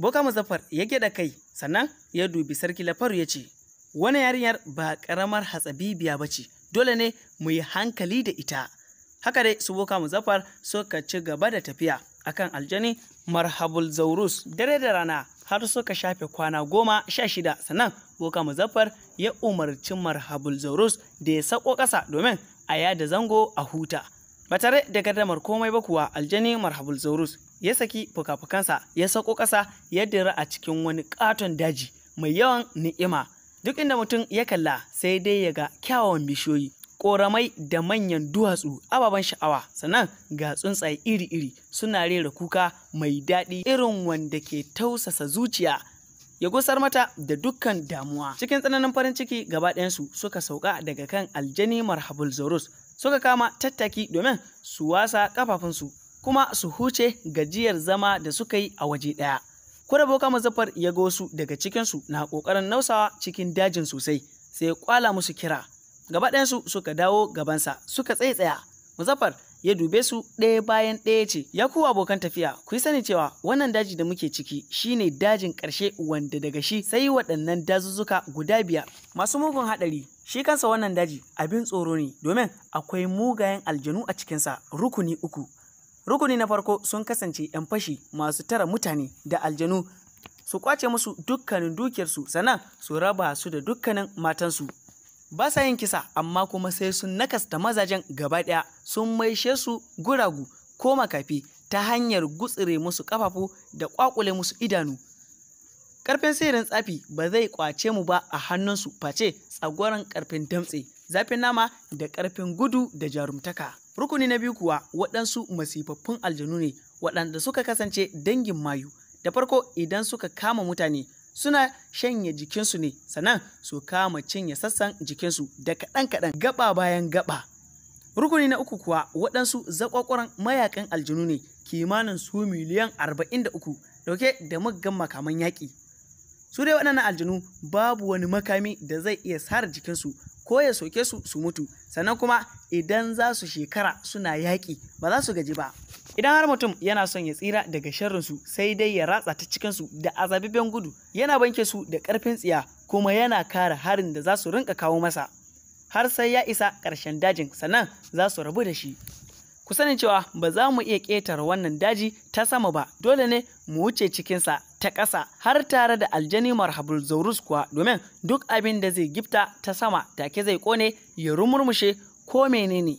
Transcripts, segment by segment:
boka muzaffar ya gyada kai sannan ya dubi sarki lafaru ya ce wani yarinyar ba karamar hatsabibiya ba ce dole ne mu yi hankali da ita haka dai su boka muzaffar suka ci gaba da tafiya akan aljani marhabul zaurus dare da rana har suka shafe kwana goma sha shida sannan boka muzaffar ya umarci marhabul zaurus da ya sako ƙasa domin a yada zango a huta ba tare da gardamar komai ba kuwa aljani marhabul zaurus ya saki fuka-fukansa ya sako ƙasa ya dira a cikin wani katon daji mai yawan ni'ima duk inda mutum ya kalla sai dai ya ga kyawawan bishiyoyi ƙoramai da manyan duwatsu ababen sha'awa sannan ga tsuntsaye iri-iri suna rera kuka mai daɗi irin wanda ke tausasa zuciya ya gusar mata da dukkan damuwa cikin tsananin farin ciki gaba ɗayansu suka sauka daga kan aljani marhabul zaurus suka kama tattaki domin su wasa kafafunsu kuma su huce gajiyar zama da suka yi a waje ɗaya. Kwaraboka mazafar ya ga wasu daga cikinsu na ƙoƙarin nausawa cikin dajin sosai sai ya kwala musu kira. Gaba ɗayansu suka dawo gabansa suka tsaye-tsaya Muzaffar ya dube su ɗaya bayan ɗaya ce ya ku abokan tafiya ku sani cewa wannan daji da muke ciki shine dajin ƙarshe wanda daga shi sai waɗannan dazuzzuka guda biyar masu mugun haɗari shi kansa wannan daji abin tsoro ne domin akwai mugayen aljanu a cikinsa rukuni uku rukuni na farko sun kasance 'yan fashi masu tara mutane da aljanu su kwace musu dukkanin dukiyarsu sannan su raba su da dukkanin matansu ba sa yin kisa amma kuma sai sun nakasta mazajen gaba ɗaya sun maishe su guragu ko makafi ta hanyar gutsire musu ƙafafu da ƙwaƙule musu idanu ƙarfin sirrin tsafi ba zai ƙwace mu ba a hannunsu face tsagoran ƙarfin damtse zafin nama da ƙarfin gudu da jarumtaka rukuni na biyu kuwa waɗansu masifaffun aljanu ne waɗanda suka kasance dangin mayu da farko idan suka kama mutane suna shanye jikinsu ne sannan su kama cinye sassan jikinsu da kaɗan-kaɗan gaba bayan gaba rukuni na uku kuwa waɗansu zakwakwaran mayakan aljinu ne kimanin su miliyan arba'in 43 dauke da muggan makaman yaƙi su dai waɗannan aljinu babu wani makami da zai iya sare jikinsu ko ya soke su su mutu sannan kuma idan za su shekara suna yaƙi ba za su gaji ba idan har mutum yana son ya tsira daga sharrinsu sai dai ya ratsa ta cikinsu da azabibben gudu yana banke su da ƙarfin tsiya kuma yana kare harin da za su rinka kawo masa har sai ya isa ƙarshen dajin sannan za su rabu da shi ku sani cewa ba za mu iya ƙetare wannan daji ta sama ba dole ne mu wuce cikinsa ta ƙasa har tare da aljani marhabul zaurus kuwa domin duk abin da zai gifta ta sama take zai ƙone ya rumurmushe ko menene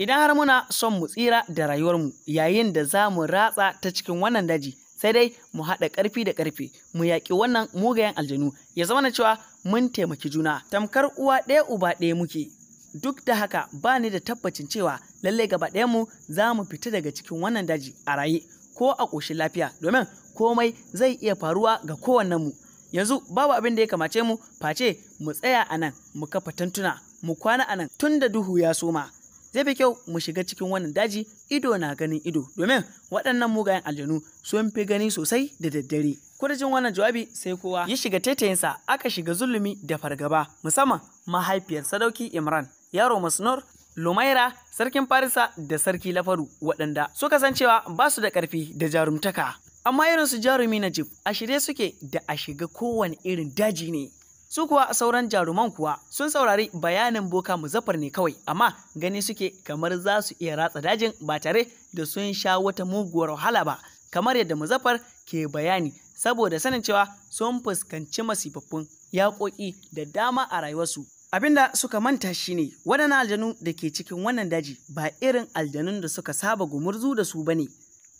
Idan har muna son mu tsira da rayuwarmu yayin da za mu ratsa ta cikin wannan daji, sai dai mu haɗa ƙarfi da ƙarfe, mu yaƙi wannan mugayen aljanu, ya zama na cewa mun taimaki juna, tamkar uwa ɗaya uba ɗaya muke. Duk da haka ba ni da tabbacin cewa lallai gaba mu za mu fita daga cikin wannan daji a raye ko a ƙoshin lafiya domin komai zai iya faruwa ga mu Yanzu babu abin da ya kamace mu face mu tsaya a nan mu kafa tantuna mu kwana a nan tun duhu ya soma. zai fi kyau mu shiga cikin wannan daji ido na ganin ido domin waɗannan mugayen aljanu sun fi gani sosai da daddare kudajin wannan jawabi sai kowa ya shiga taitayinsa aka shiga zulumi da fargaba musamman mahaifiyar sadauki imran yaro masnor Lumaira, sarkin Farisa da sarki Lafaru waɗanda suka san cewa ba su da ƙarfi da jarumtaka. Amma irin su jarumi Najib a shirye suke da a shiga kowane irin daji ne. su kuwa sauran jaruman kuwa sun saurari bayanin boka muzaffar ne kawai amma gani suke kamar za su iya ratsa dajin ba tare da sun sha wata muguwar wahala ba kamar yadda muzaffar ke bayani saboda sanin cewa sun fuskanci masifaffun yaƙoƙi da dama a rayuwarsu abinda suka manta shine waɗannan aljanu da ke cikin wannan daji ba irin aljanun da suka saba gumurzu da su bane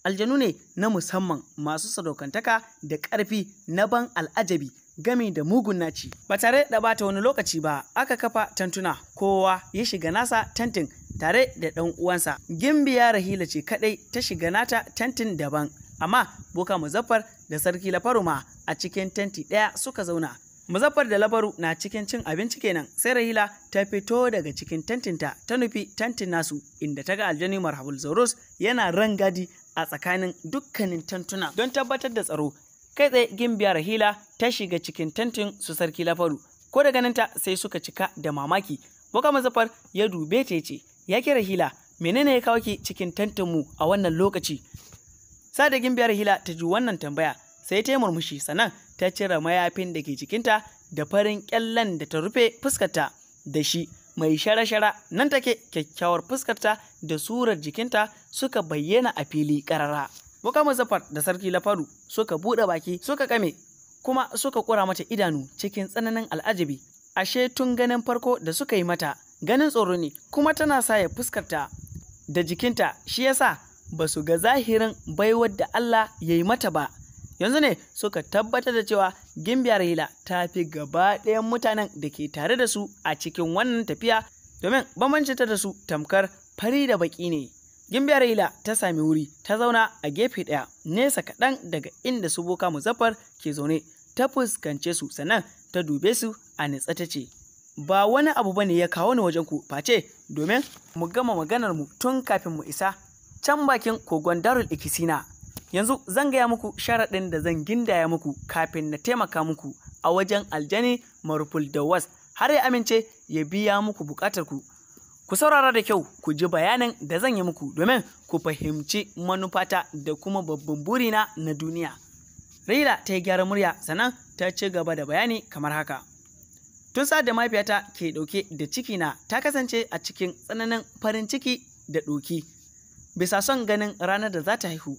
aljanu ne na musamman masu sadaukantaka da ƙarfi na ban al'ajabi gami da mugun naci ba tare da bata wani lokaci ba aka kafa tantuna kowa ya shiga nasa tantin tare da ɗan uwansa gimbiya rahila ce kaɗai ta shiga nata tantin daban amma boka muzaffar da sarki lafaruma a cikin tanti ɗaya suka zauna muzaffar da labaru na cikin cin abinci kenan sai rahila ta fito daga cikin tantinta ta nufi tantin nasu inda ta ga aljani marhabul zaurus yana rangadi a tsakanin dukkanin tantuna don tabbatar da tsaro kai tsaye gimbiyar hila ta shiga cikin tantin su sarki lafaru ko da ganinta sai suka cika da mamaki boka mazafar ya dube ta ce ya kira hila menene ya kawo ki cikin tentin mu a wannan lokaci da gimbiyar hila ta ji wannan tambaya sai ta yi murmushi sannan ta cire mayafin da ke jikinta da farin kyallen da ta rufe fuskarta da shi mai shara-shara nan take kyakkyawar fuskarta da surar jikinta suka bayyana a fili ƙarara. Boka Muzaffar da Sarki Lafaru suka buɗe baki suka kame kuma suka kura mata idanu cikin tsananin al'ajabi. Ashe tun ganin farko da suka yi mata ganin tsoro ne kuma tana sa ya fuskarta da jikinta shi yasa ba su ga zahirin baiwar da Allah ya yi mata ba. Yanzu ne suka tabbatar da cewa gimbiya hila ta fi gaba ɗayan mutanen da ke tare da su a cikin wannan tafiya domin bambancinta da su tamkar fari da baƙi ne. Gimbiya Raila ta sami wuri ta zauna a gefe ɗaya nesa kaɗan daga inda su boka muzaffar ke zaune ta fuskance su sannan ta dube su a nitsa ta ce ba wani abu bane ya kawo ni wajen ku face domin mu gama maganar mu tun kafin mu isa can bakin kogon darul ikisina yanzu zan gaya muku sharaɗin da zan gindaya muku kafin na taimaka muku a wajen aljani maruful da har ya amince ya biya muku buƙatar ku Ku saurara da kyau ku ji bayanin da zan yi muku domin ku fahimci manufata da kuma babban burina na duniya. Raila ta yi gyara murya sannan ta ci gaba da bayani kamar haka. Tun sa da mafiyata ke ɗauke da ciki na ta kasance a cikin tsananin farin ciki da ɗoki. Bisa son ganin ranar da za ta haihu.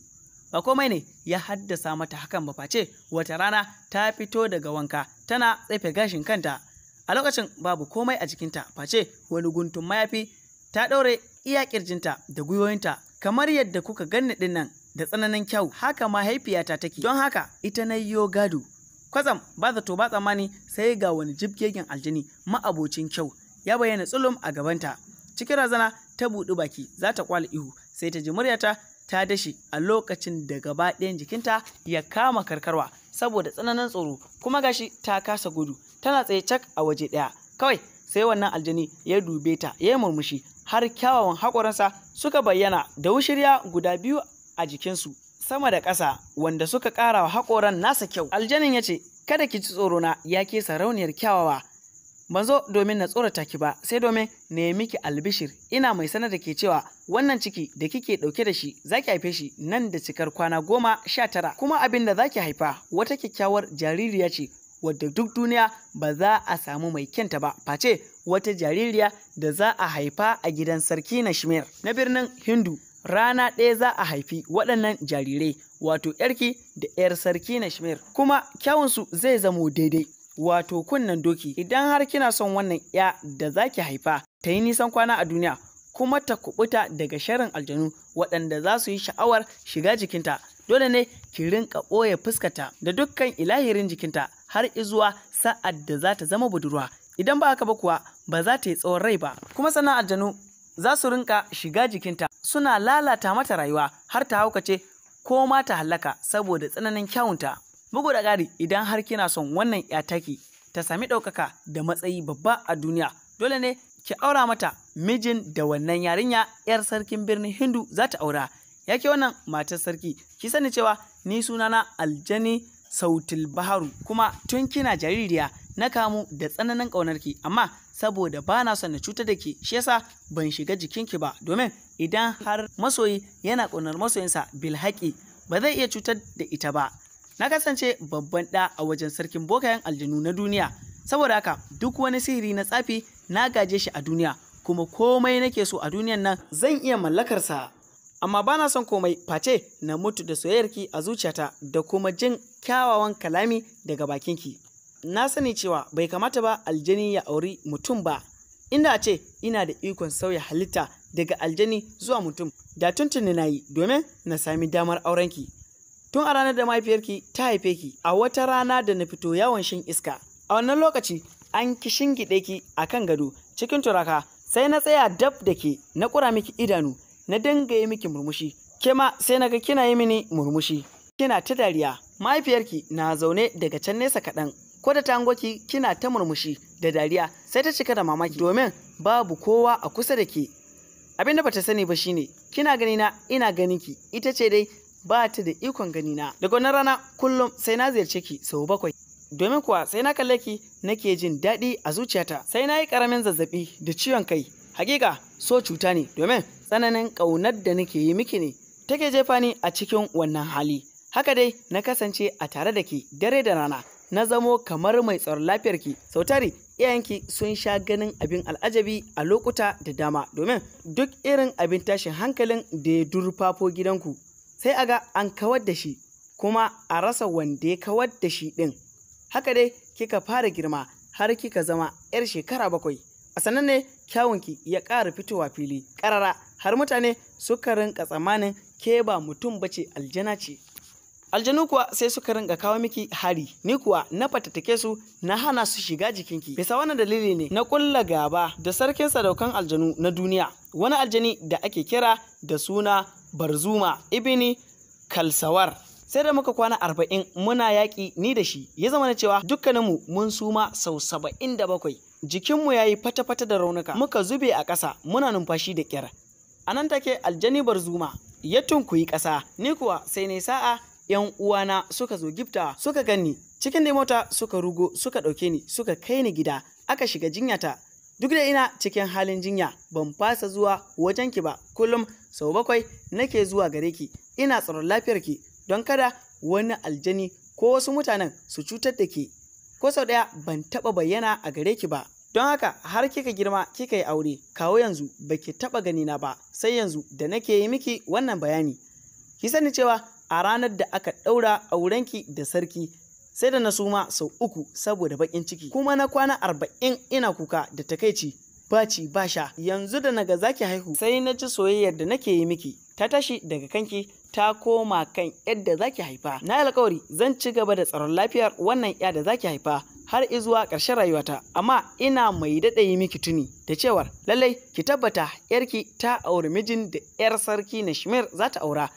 Ba komai ne ya haddasa mata hakan ba face wata rana ta fito daga wanka tana tsefe gashin kanta. a lokacin babu komai a jikinta face wani guntun mayafi ta ɗaure iya ƙirjinta da gwiwoyinta kamar yadda kuka ganni ɗin nan da tsananin kyau haka mahaifiyata take don haka ita na yo gado kwatsam ba za to ba tsammani sai ga wani jibgegen aljini ma'abocin kyau ya bayyana tsulum a gabanta cikin razana ta buɗi baki za ta kwala ihu sai ta ji muryata ta dashi a lokacin da gaba ɗayan jikinta ya kama karkarwa saboda tsananin tsoro kuma gashi ta kasa gudu tana tsaye cak a waje ɗaya kawai sai wannan aljani ya dube ta ya yi murmushi har kyawawan haƙoransa suka bayyana da wushirya guda biyu a jikinsu sama da ƙasa wanda suka ƙara wa haƙoran nasa kyau aljanin ya ce kada ki ci tsoro na ya ke sarauniyar kyawawa ban zo domin na tsorata ki ba sai domin na yi miki albishir ina mai sanar da ke cewa wannan ciki da kike dauke da shi zaki haife shi nan da cikar kwana goma sha tara kuma abin da zaki haifa wata kyakkyawar jaririya ce wadda duk duniya ba za a samu mai kyanta ba face wata jaririya da za a haifa a gidan sarki na shimir na birnin hindu rana ɗaya za a haifi waɗannan jarirai wato yarki da 'yar sarki na shimir kuma kyawunsu zai zamo daidai wato kunnen doki idan har kina son wannan ya da zaki haifa ta yi nisan kwana a duniya kuma ta kubuta daga sharin aljanu waɗanda za su yi sha'awar shiga jikinta dole ne ki rinka ɓoye fuskata da dukkan ilahirin jikinta har izuwa sa'ad da za ta zama budurwa idan ba haka ba kuwa ba za ta yi tsawon rai ba kuma sana'ar aljanu za su rinka shiga jikinta suna lalata mata rayuwa har ta haukace ko ma ta hallaka saboda tsananin kyawunta Bugu da ƙari idan har kina son wannan ‘ya taki ta sami ɗaukaka da matsayi babba a duniya dole ne ki aura mata mijin da wannan yarinya ‘yar sarkin birnin Hindu za ta aura. Ya ke wannan matar sarki ki sani cewa ni sunana Aljani Sautil Baharu kuma tun kina jaririya na kamu da tsananin ƙaunarki amma saboda ba na son na cutar da ke shi yasa ban shiga jikinki ba domin idan har masoyi yana ƙaunar masoyinsa bilhaki ba zai iya cutar da ita ba na kasance babban ɗa a wajen sarkin bokayen aljanu na duniya saboda haka duk wani sihiri na tsafi na gaje shi a duniya kuma komai nake so a duniyan nan zan iya mallakarsa amma ba na son komai face na mutu da soyayyarki a zuciyata da kuma jin kyawawan kalami daga bakinki na sani cewa bai kamata ba aljani ya auri mutum ba inda ce ina da ikon sauya halitta daga aljani zuwa mutum da tuntuni na yi domin na sami damar aurenki Tun a ranar da mahaifiyarki ta haife ki a wata rana da na fito yawon shin iska. A wannan lokaci an ki gide ki a kan gado cikin turaka sai na tsaya dab da ke na kura miki idanu na dinga yi miki murmushi ke ma sai na ga kina yi mini murmushi kina ta dariya mahaifiyarki na zaune daga can nesa kaɗan ko da tangoki kina ta murmushi da dariya sai ta cika da mamaki domin babu kowa a kusa da ke abin da bata sani ba shine kina ganina, ina ganin ki ita ce dai ba ta da ikon gani na daga wannan rana kullum sai na ziyarce ki sau bakwai domin kuwa sai na kalle ki nake jin daɗi a zuciyata sai na yi ƙaramin zazzaɓi da ciwon kai hakika so cuta ne domin tsananin ƙaunar da nake yi miki ne take jefa ni a cikin wannan hali haka dai na kasance a tare da ki dare da rana na zamo kamar mai tsaron ki. sau tari iyayenki sun sha ganin abin al'ajabi a lokuta da dama domin duk irin abin tashin hankalin da ya durfafo gidanku sai a ga an kawar da shi kuma a rasa wanda ya kawar da shi ɗin haka dai kika fara girma har kika zama 'yar shekara bakwai a sannan ne kyawunki ya ƙara fitowa fili ƙarara har mutane suka rinka tsammanin ke ba mutum bace aljana ce aljanu kuwa sai suka rinka kawo miki hari ni kuwa na fatattake su na hana su shiga jikinki bisa wannan dalili ne na kulla gaba da sarkin sadaukan aljanu na duniya wani aljani da ake kira da suna barzuma ibini kalsawar sai da muka kwana arba'in muna yaƙi ni da shi ya zama na cewa dukkaninmu mun suma sau saba'in da bakwai jikinmu ya yi fata-fata da raunuka muka zube a ƙasa muna numfashi da ƙyar a nan take aljani barzuma ya tunkuyi ƙasa ni kuwa sai ne sa'a yan uwana suka zo gifta suka ganni cikin da mota suka rugo suka ɗauke ni suka kai ni gida aka shiga jinyata duk da ina cikin halin jinya ban fasa zuwa wajen ki ba kullum sau bakwai nake zuwa gare ki ina tsaron lafiyar ki don kada wani aljani ko wasu mutanen su cutar da ke ko sau ɗaya ban taɓa bayyana a gare ki ba don haka har kika girma kika yi aure kawo yanzu ba baki taɓa ganina ba sai yanzu da nake yi miki wannan bayani ki sani cewa a ranar da aka ɗaura aurenki da sarki sai da na suma sau uku saboda bakin ciki kuma na kwana arba'in ina kuka da takaici baci ba sha yanzu da naga zaki haihu sai na ji soyayyar da nake yi miki ta tashi daga kanki ta koma kan yadda zaki haifa na alkawari zan ci gaba da tsaron lafiyar wannan ya da zaki haifa har izuwa ƙarshen rayuwata amma ina mai daɗa yi miki tuni da cewar lallai ki tabbata yarki ta auri mijin da yar sarki na shimir za ta aura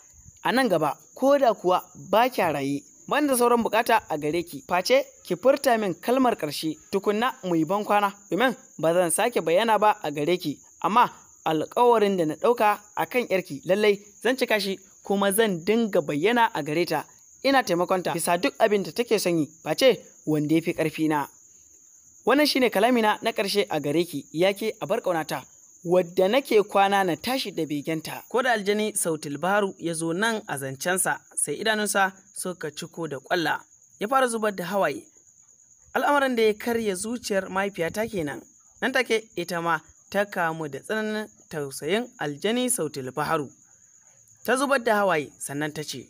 a nan gaba ko da kuwa ba kya raye ban sauran bukata a gare ki face ki furta min kalmar karshe tukunna mu yi bankwana domin ba zan sake bayyana ba a gare ki amma alkawarin da na ɗauka a kan yarki lallai zan cika shi kuma zan dinga bayyana a gare ta ina taimakon ta. bisa duk abin da take son yi face wanda yafi fi ƙarfi na wannan shine kalamina na ƙarshe a gare ki yake a bar ƙaunata wadda nake kwana na tashi da begenta ko da aljani sautil baru ya zo nan a zancensa sai idanunsa suka ciko da kwalla ya fara zubar da hawaye al'amarin da ya karya zuciyar mahaifiyata kenan nan take ita ma ta kamu da tsananin tausayin aljani sautil baharu ta zubar da hawaye sannan ta ce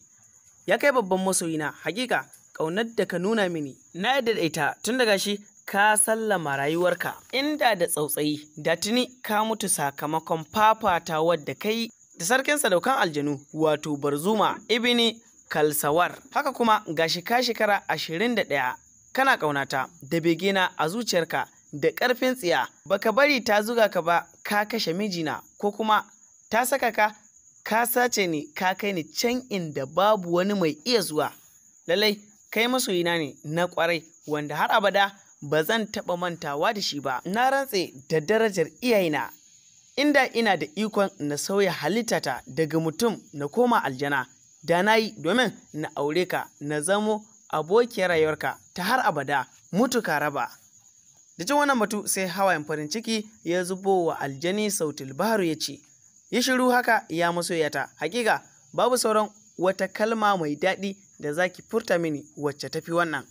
ya kai babban masoyina hakika ƙaunar da ka nuna mini na yadda da ita tun daga shi ka sallama rayuwarka inda da tsautsayi da tuni ka mutu sakamakon fafata wadda kai da sarkin sadaukan aljanu wato barzuma ibini kalsawar haka kuma shi ka shekara ashirin da ɗaya kana ƙaunata da begena a zuciyarka da ƙarfin tsiya baka bari ta zuga ka ba ka kashe mijina ko kuma ta saka ka ka sace ni ka kai ni can inda babu wani mai iya zuwa lallai kai masoyina ne na kwarai wanda har abada ba zan taɓa mantawa da shi ba na rantse da darajar iyayena inda ina da ikon na sauya halittata daga mutum na koma aljana da na yi domin na aure ka na zamo abokiyar rayuwarka ta har abada mutu ka raba da jin wannan batu sai hawayen farin ciki ya zubo wa aljani Sau baharu ya ce yi shiru haka ya masoyata hakika babu sauran wata kalma mai daɗi da zaki furta mini wacce tafi wannan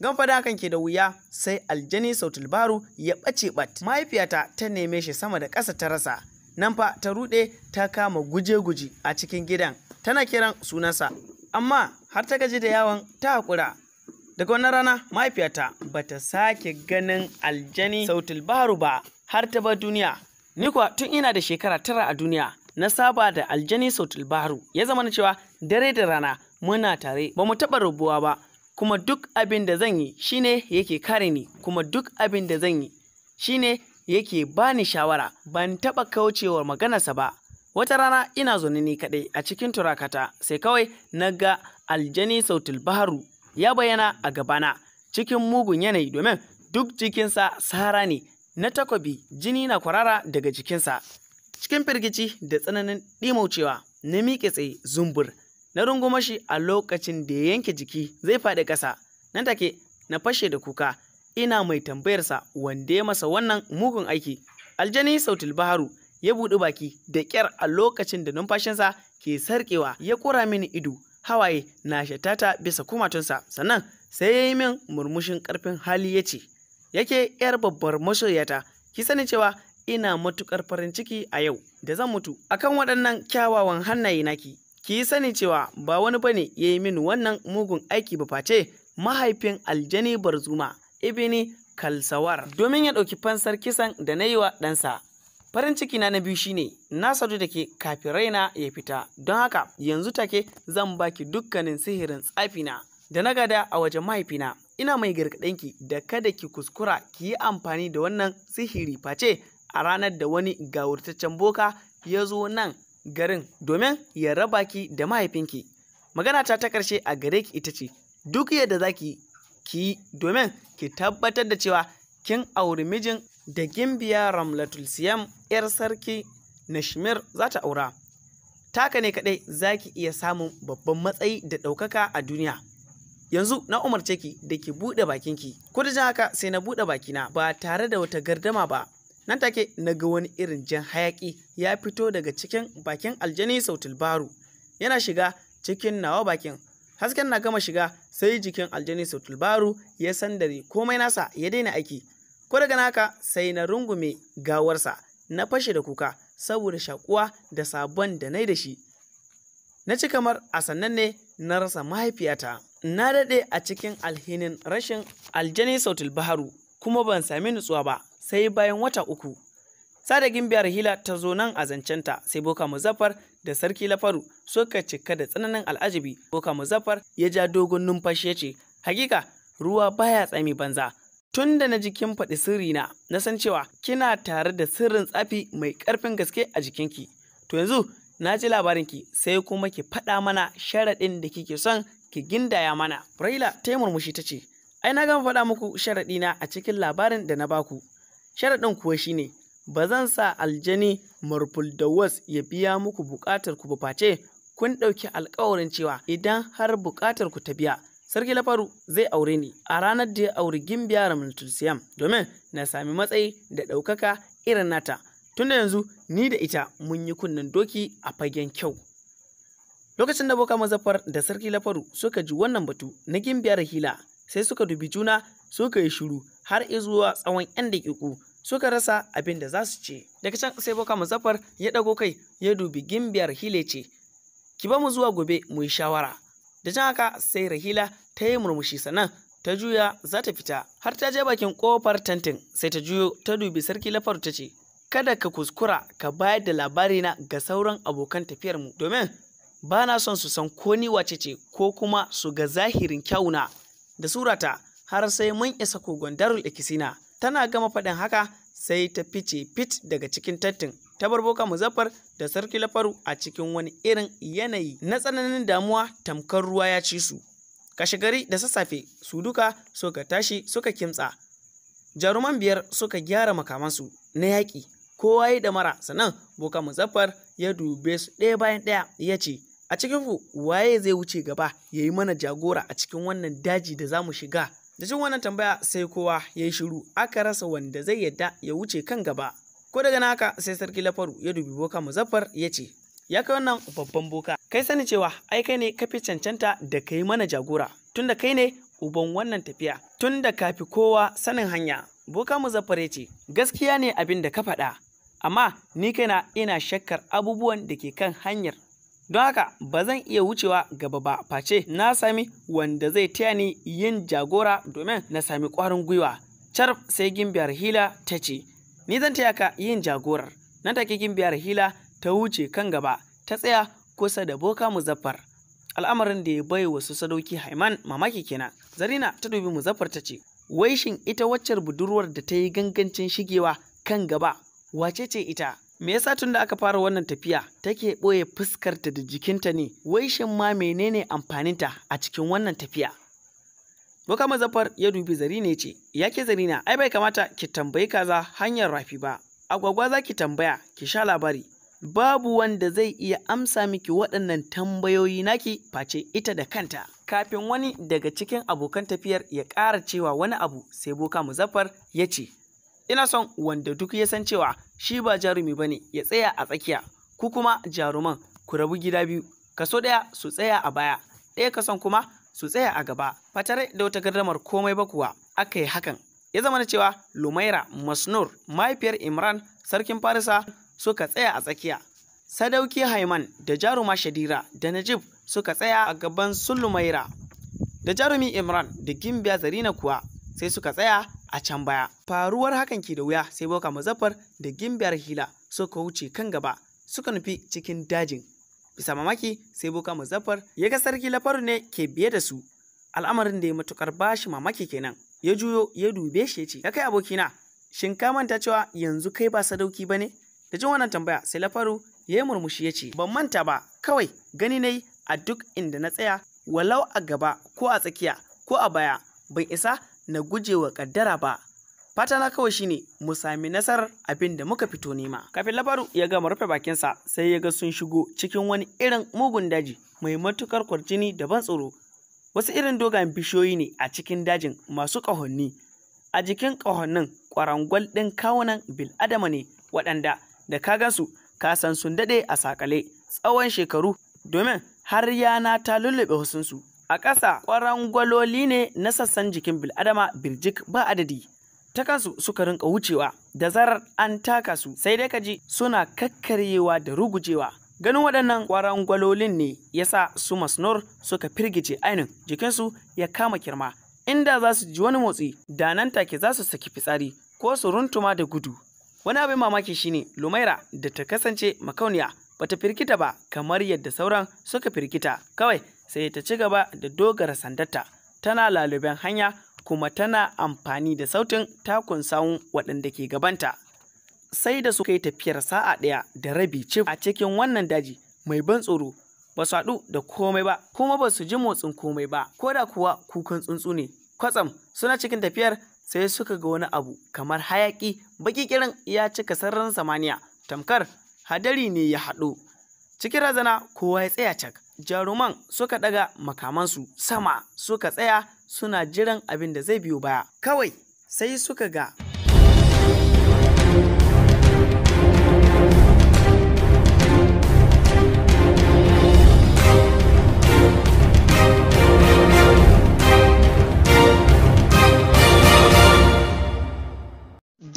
gan fada hakan ke da wuya sai aljani sautul ya ɓace ɓat mahaifiyata ta neme shi sama da ƙasa ta rasa nan fa ta ruɗe ta kama guje-guje a cikin gidan tana kiran sunansa amma har ta gaji da yawon ta haƙura daga wannan rana mahaifiyata ta sake ganin aljani sautul baharu ba har ta bar duniya ni kuwa tun ina da shekara tara a duniya na saba da aljani sautul baharu ya zama na cewa dare da rana muna tare ba mu taɓa rubuwa ba kuma duk abin da zan yi shine yake kare ni kuma duk abin da zan yi shine yake bani shawara ban taɓa kaucewa maganarsa ba wata rana ina zaune ni kaɗai a cikin turakata sai kawai na ga aljani sautul baharu ya bayyana a gabana cikin mugun yanayi domin duk jikinsa sahara ne na takobi jini na kwarara daga jikinsa cikin firgici da tsananin ɗimaucewa na miƙe tsaye zumbur na rungumashi a lokacin da ya yanke jiki zai faɗi ƙasa nan take na fashe da kuka ina mai tambayarsa wanda ya masa wannan mugun aiki aljani sautil baharu ya buɗe baki da ƙyar a lokacin da numfashinsa ke sarƙewa ya kura mini ido hawaye na shatata bisa kumatunsa sannan sai ya yi min murmushin ƙarfin hali ya ce yake 'yar babbar masoyata ki sani cewa ina matuƙar farin ciki a yau da zan mutu akan waɗannan kyawawan hannaye naki ki sani cewa ba wani bane ya yi min wannan mugun aiki ba face mahaifin aljani barzuma ibini kalsawar domin ya ɗauki fansar kisan da na yi wa ɗansa farin ciki na na biyu shine na sadu da ke kafin ya fita don haka yanzu take zan baki dukkanin sihirin tsafina da na gada a wajen mahaifina ina mai gargaɗinki da kada ki kuskura ki yi amfani da wannan sihiri face a ranar da wani gawurtaccen boka ya zo nan garin domin ya raba ki da mahaifinki magana ta ta ƙarshe a gare ki ita ce duk yadda za ki ki domin ki tabbatar da cewa kin auri mijin da gimbiya Ramlatul Siyam ‘yar sarki Nashmir za ta aura. Taka ne kaɗai za ki iya samun babban matsayi da ɗaukaka a duniya. Yanzu na umarce ki da ki buɗe bakinki, ko da haka sai na buɗe bakina ba tare da wata gardama ba. Nan take na ga wani irin jan hayaki ya fito daga cikin bakin aljani sautul baru. Yana shiga cikin nawa bakin. Hasken na gama shiga sai jikin aljani sulbaru ya sandare komai nasa ya daina aiki ko daga naka sai na rungume gawarsa na fashe da kuka saboda shakuwa da sabon da nai da shi na ci kamar a sannan ne na rasa mahaifiyata na daɗe a cikin alhinin rashin aljani sautul baharu kuma ban sami nutsuwa ba sai bayan wata uku sada gimbiyar hila ta zo nan a zancenta sai boka muzaffar da sarki lafaru suka cika da tsananin al'ajabi boka muzaffar ya ja dogon numfashi ce hakika ruwa baya tsami banza tun da na jikin faɗi sirri na na san cewa kina tare da sirrin tsafi mai ƙarfin gaske a jikinki to yanzu na ji labarinki sai kuma ki faɗa mana sharaɗin da kike son ki gindaya mana raila ta yi murmushi ta ce ai na gama faɗa muku sharaɗina a cikin labarin da na baku sharaɗin kuwa shine Ba zan sa aljani da was ya biya muku buƙatar ku face kun ɗauki alkawarin cewa idan har bukatar ku ta biya, Sarki Lafaru zai aure ni a ranar da ya auri Gimbiya Ramnatulsiyam domin na sami matsayi da ɗaukaka irin nata. Tunda yanzu ni da ita mun yi kunnen doki a fagen kyau. Lokacin da Boka mazafar da Sarki Lafaru suka ji wannan batu na Gimbiya hila, sai suka dubi juna suka yi shiru har izuwa tsawon 'yan daƙiƙu suka rasa abin da za su ce daga can sai boka muzaffar ya ɗago kai ya dubi gimbiyar hile ce ki ba mu zuwa gobe mu yi shawara da can haka sai rahila ta yi murmushi sannan ta juya za ta fita har ta je bakin kofar tantin sai ta juyo ta dubi sarki lafar ta ce kada ka kuskura ka bayar da labarina ga sauran abokan tafiyarmu domin ba na son su san ko ni wace ce ko kuma su ga zahirin kyauna da surata har sai mun isa kogon darul ikisina tana gama faɗin haka sai ta fice fit daga cikin tattin ta bar boka muzaffar da sarki lafaru a cikin wani irin yanayi na tsananin damuwa tamkar ruwa ya ci su kashe gari da sassafe su duka suka tashi suka kimtsa jaruman biyar suka gyara makamansu na yaƙi kowa ya damara sannan boka muzaffar ya dube su ɗaya bayan ɗaya ya ce a cikin ku waye zai wuce gaba ya yi mana jagora a cikin wannan daji da za mu shiga da jin wannan tambaya sai kowa ya yi shiru aka rasa wanda zai yadda ya wuce kan gaba ko daga naka sai sarki lafaru ya dubi boka muzaffar ya ce ya kai wannan babban boka kai sani cewa ai kai ne kafi cancanta da kai mana jagora tunda kai ne uban wannan tafiya tunda kafi kowa sanin hanya boka muzaffar ya ce gaskiya ne abin da ka faɗa amma ni kaina ina shakkar abubuwan da ke kan hanyar don haka ba zan iya wucewa gaba ba face na sami wanda zai taya ni yin jagora domin na sami kwarin gwiwa carf sai gimbiyar hila ta ce ni zan taya ka yin jagorar nan take gimbiyar hila ta wuce kan gaba ta tsaya kusa da boka muzaffar al'amarin da ya bai wasu sadauki haiman mamaki kenan zarina ta dubi muzaffar ta ce wai shin ita waccar budurwar da ta yi gangancin shigewa kan gaba wace ce ita me yasa tun da aka fara wannan tafiya take ɓoye fuskarta da jikinta ne wai shin ma menene amfaninta a cikin wannan tafiya Boka mazafar ya dubi zari ne ce ya ke zari na ai bai kamata ki tambayi kaza hanyar rafi ba agwagwa za ki tambaya ki sha labari babu wanda zai iya amsa miki waɗannan tambayoyi naki face ita da kanta kafin wani daga cikin abokan tafiyar ya ƙara cewa wani abu sai boka muzaffar ya ce ina son wanda duk ya san cewa shi ba jarumi ba ne ya tsaya a tsakiya ku kuma jaruman ku rabu gida biyu kaso ɗaya su tsaya a baya ɗaya kason kuma su tsaya a gaba Fatare da wata gardamar komai ba kuwa aka yi hakan ya zama na cewa lumaira masnur mahaifiyar imran sarkin farisa suka tsaya a tsakiya sadauki haiman da jaruma shadira da najib suka tsaya a gaban sun Lumaira da jarumi imran da gimbiya zarina kuwa sai suka tsaya a can baya faruwar hakan ke da wuya sai boka muzaffar da gimbiyar hila suka wuce kan gaba suka nufi cikin dajin bisa mamaki sai boka muzaffar ya ga sarki lafaru ne ke biye da su al'amarin da ya matukar bashi mamaki kenan ya juyo ya dube shi ya ce ya kai abokina shin ka manta cewa yanzu kai ba sadauki ba ne da jin wannan tambaya sai lafaru ya yi murmushi ya ce ban manta ba kawai gani nayi a duk inda na tsaya walau a gaba ko a tsakiya ko a baya ban isa na gujewa kaddara ba fata na kawai shine mu sami nasar abin da muka fito nema kafin labaru ya gama rufe bakinsa sai ya ga sun shigo cikin wani irin mugun daji mai matukar kwarjini da ban tsoro wasu irin dogayen bishiyoyi ne a cikin dajin masu ƙahonni a jikin ƙahonnin ƙwarangwal ɗin kawunan adama ne waɗanda da ka gansu ka san sun daɗe a sakale tsawon shekaru domin har yana ta lullube husunsu. a ƙasa gwaloli ne na sassan jikin bil'adama birjik ba adadi ta kansu suka rinka wucewa da zarar an taka su sai dai kaji suna kakkaryewa da rugujewa ganin waɗannan ƙwarangwalolin ne ya sa su masnor suka firgice ainin jikinsu ya kama kirma inda za su ji wani motsi da nan take za su saki fitsari ko su runtuma da gudu wani abin mamaki shine lumaira da ta kasance makauniya bata firgita ba kamar yadda sauran suka firgita kawai sai ta ci gaba da dogara sandata tana laluben hanya kuma tana amfani da sautin takun sawun waɗanda ke gabanta sai da suka yi tafiyar sa'a ɗaya da rabi ci a cikin wannan daji mai ban tsoro ba su haɗu da komai ba kuma ba su ji motsin komai ba ko da kuwa kukan tsuntsu ne kwatsam suna cikin tafiyar sai suka ga wani abu kamar hayaki baƙi kirin ya cika sararin samaniya tamkar hadari ne ya haɗu cikin razana kowa ya tsaya cak jaruman suka daga makamansu sama suka tsaya suna jiran abin da zai biyo baya kawai sai suka ga